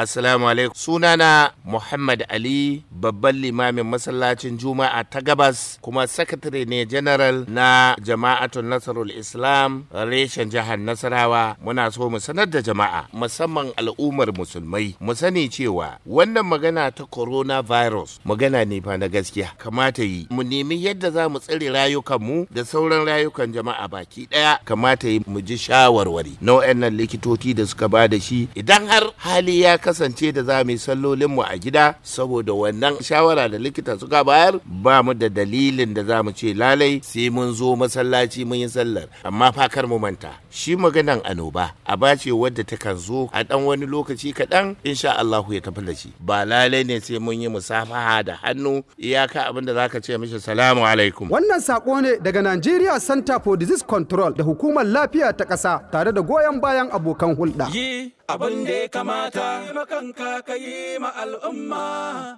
Assalamu alaikum. Sunana Muhammad Ali babban limamin masallacin Juma'a ta Gabas kuma sakatare ne general na Jama'atun Nasarul Islam reshen jihar Nasarawa. Muna so mu sanar da jama'a musamman al'ummar musulmai mu sani cewa wannan magana ta coronavirus magana ne fa na gaskiya kamata yi mu nemi yadda za mu tsare rayukanmu da sauran rayukan jama'a baki ɗaya kamata yi mu ji shawarwari na likitoci da suka ba da shi idan har hali ya kasance da za mu yi sallolinmu a gida saboda wannan shawara da likita suka bayar ba mu da dalilin da za mu ce lalai sai mun zo masallaci mun yi sallar amma fa kar mu manta shi maganan annoba a bace wadda ta kan zo a dan wani lokaci kaɗan insha Allah ya tafi ba lalai ne sai mun yi musafaha da hannu iyaka abin da zaka ce mishi salamu alaikum wannan sako ne daga Nigeria Center for Disease Control da hukumar lafiya ta ƙasa tare da goyon bayan abokan hulɗa. abin da ya kamata makanka ka yi ma al'umma